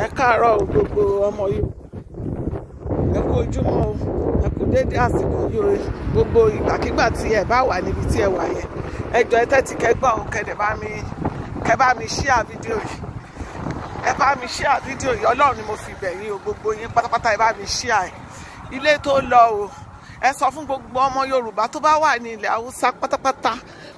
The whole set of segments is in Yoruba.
ẹ káàárọ̀ gbogbo ọmọ Yorùbá ẹ kú ojúmọ́ o ẹ kú déédéé àsìkò yìí o gbogbo ìgbàkigbà tí ẹ bá wà níbi tí ẹ wà yẹn ẹ ẹ tẹ́tí kẹgbọ́ o kẹ̀dẹ̀ bá mi kẹ bá mi ṣíà fídíò yìí ẹ bá mi ṣíà fídíò yìí ọlọ́run ni mo fi bẹ̀ yín o gbogbo yín pátápátá ẹ bá mi ṣíà ẹ ilé tó lọ o ẹ sọ fún gbogbo ọmọ Yorùbá tó bá wà ní ilẹ̀ Haúsá pátápátá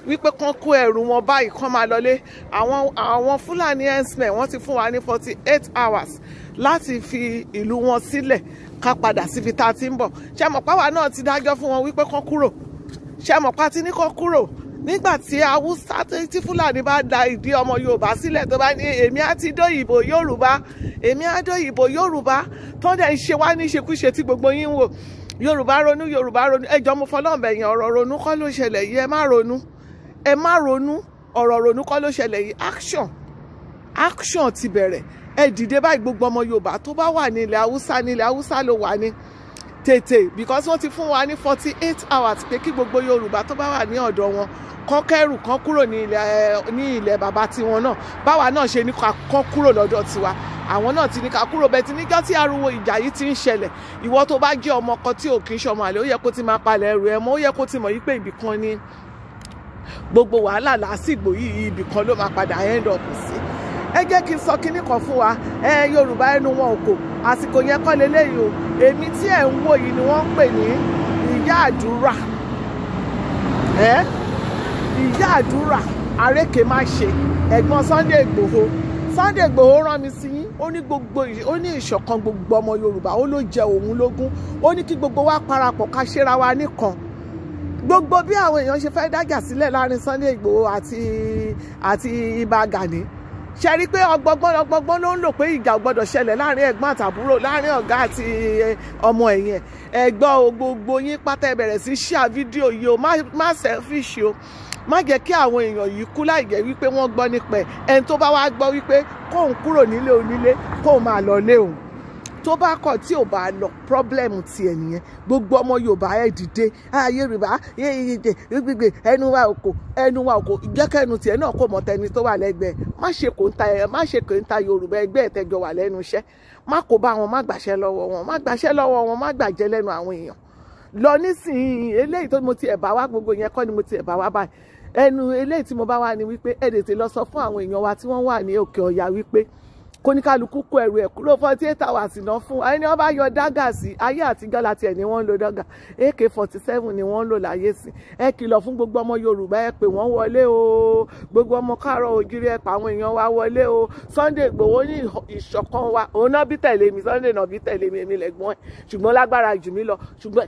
wípé kán kó ẹrù wọn báyìí kán máa lọlé àwọn àwọn Fúlàní herdsmen wọ́n ti fún wa ní forty eight hours láti fi ìlú wọn sílẹ̀ ká padà síbi tá a ti ń bọ̀ ṣé mọ̀ páwa náà ti dájọ́ fún wọn wípé kán kúrò ṣé mọ̀ pa ti ní kán kúrò nígbà tí haúsá tí fúlàní bá da ìdí ọmọ yorùbá sílẹ̀ tó bá ní èmi á ti dóyìnbó yorùbá èmi á dóyìnbó yorùbá tó ń dẹ̀ ń ṣe wá ní ìṣekúṣe tí gbogbo yín ń wò yorùbá ronú yorùbá ronú ẹjọ́ mo fọlọ́ọ̀bẹ̀yìn ọ̀rọ̀ ronú kọ́ ló ṣẹlẹ̀ yìí ẹ má ronú ẹ má ronú ọ̀rọ̀ ronú kọ́ ló ṣẹlẹ̀ yìí action action ti bẹ̀rẹ̀ ẹ dìde báyìí gbogbo ọmọ yorùbá tó bá wà ní ilẹ̀ haúsá ní ilẹ̀ haúsá ló wà ní tètè because wọ́n ti fún wa ní forty eight hours pé kí gbogbo yorùbá tó bá wà ní ọ̀dọ̀ wọn kọ́ kẹ́rù kan kúrò ní ilẹ̀ ní ilẹ̀ bàbá tiwọn náà báwa náà ṣe ní kọ́ kúrò lọ́dọ̀ tiwa àwọn náà ti ní ká kúrò bẹ́ẹ̀ ti níjọ́ tí ariwo ìjà yìí ti ń ṣẹlẹ̀ ìwọ tó bá jẹ́ ọmọ kan tí ò kí ń ṣọmọ àlè ó yẹ kó ti máa palẹ̀ ẹrù ẹ mọ́ ó yẹ kó ti mọ̀ yí pé ibìkan ni gbogbo wàhálà lásìgbò yìí ibìkan ló máa padà end up sí ẹ jẹ́ kí n sọ kinní kan fún wa ẹ yorùbá ẹnu wọn ò kò àsìkò yẹn kọ́ leléyìí o èmi tí ẹ̀ ń wò yìí ni wọ́n ń pè ní ìyá àdúrà ẹ ìyá àdúrà arékè má ṣe ẹ̀gbọ́n Sunday Ìgbòho Sunday Ìgbòho rán mi sí yín ó ní gbogbo ó ní ìṣọ̀kan gbogbo ọmọ yorùbá ó ló jẹ òun lógún ó ní kí gbogbo wa parapọ̀ ká ṣera wa nìkan gbogbo bí àwọn èèyàn ṣe fẹ́ dájà sílẹ̀ láàrin Sunday Igboho àti àti Ìbà Gani ṣe rí i pé ọgbọgbọ́n ọgbọgbọ́n ló ń lò pé ìjà ò gbọ́dọ̀ ṣẹlẹ̀ láàrin ẹ̀gbọ́n àtàbúrò láàrin ọ̀gá àti ọmọ ẹ̀yìn ẹ̀gbọ́n o gbogbo yín pátá ẹ bẹ̀rẹ̀ sí ṣíà fídíò yìí o má sẹ́fíṣì o má jẹ́ kí àwọn èèyàn yìí kú láì jẹ́ wípé wọ́n gbọ́ nípa ẹ̀ ẹni tó bá wá gbọ́ wípé kóun kúrò nílé onílé kóun máa lọ lé òun tó bá kọ̀ tí ò bá lọ problem tiẹ̀ nìyẹn gbogbo ọmọ yorùbá ẹ dìde ààyè rìbá yé ìdè gbígbé ẹnu wa òkò ẹnu wa òkò ìjẹ́kẹ́nu tiẹ̀ náà kò mọ tẹni tó wà lẹ́gbẹ̀ẹ́ má ṣe kò ń ta ẹ má ṣe kò ń ta yorùbá ẹgbẹ́ ẹ̀ tẹ́jọ wà lẹ́nu iṣẹ́ má kó bá wọn má gbàṣẹ́ lọ́wọ́ wọn má gbàṣẹ́ lọ́wọ́ wọn má gbàjẹ́ lẹ́nu àwọn èèyàn lọ nísìnyí eléyìí tó mo ti ẹ̀ bá wá gbogbo yẹn kọ́ ni mo ti ẹ̀ bá wá báyìí ẹnu eléyìí tí mo bá wá ni wípé ẹ̀ ti lọ sọ fún àwọn èèyàn wa tí wọ́n wà ní òkè ọ̀yà wípé kóníkálukú kó ẹrù ẹ̀ kúrò forty eight hours náà fún ẹni wọ́n bá yọ dágà sí ayé àtijọ́ láti ẹ̀ ni wọ́n ń lo dágà ak forty seven ni wọ́n ń lò láyé sí ẹ kìlọ̀ fún gbogbo ọmọ yorùbá ẹ pè wọ́n wọlé o gbogbo ọmọ káàrọ̀ ògiri ẹ pa àwọn èèyàn wa wọlé o sunday igbòho ní ìṣọ̀kan wa òun náà bí tẹ̀lé mi sunday náà bí tẹ̀lé mi èmi lẹ́gbọ́n ẹ̀ ṣùgbọ́n lágbára jù mí lọ ṣùgbọ́n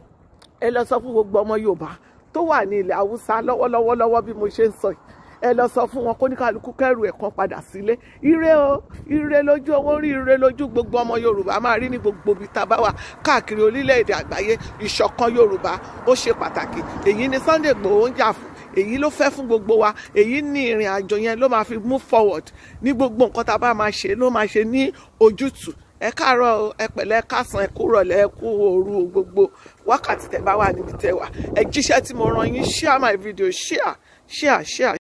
ẹ lọ sọ fún gbogbo ọmọ yorùbá tó wà ní ilẹ̀ haúsá lọ́wọ́lọ́wọ́ bí mo ṣe ń sọ yìí ẹ lọ sọ fún wọn kó ní kálukú kẹrù ẹ̀ padà sílé ire o ire lójú owó rí ire lójú gbogbo ọmọ yorùbá máa rí ní gbogbo ibi tá a bá wà káàkiri orílẹ̀-èdè àgbáyé ìṣọ̀kan yorùbá ó ṣe pàtàkì èyí ni Sunday Igboho ń jà fún èyí ló fẹ́ fún gbogbo wa èyí ni ìrìn àjò yẹn ló máa fi move forward ní gbogbo nǹkan tá a bá máa ṣe ló máa ṣe ní ojútùú ẹ káàárọ̀ ẹ pẹ̀lẹ́ ẹ káàsán ẹ kúrọ̀lẹ́ ẹ kú òru gbogbo wákàtí tẹ́ bá wà níbi tẹ́ wà ẹ jíṣẹ́ tí mo rán yín share my video share share share.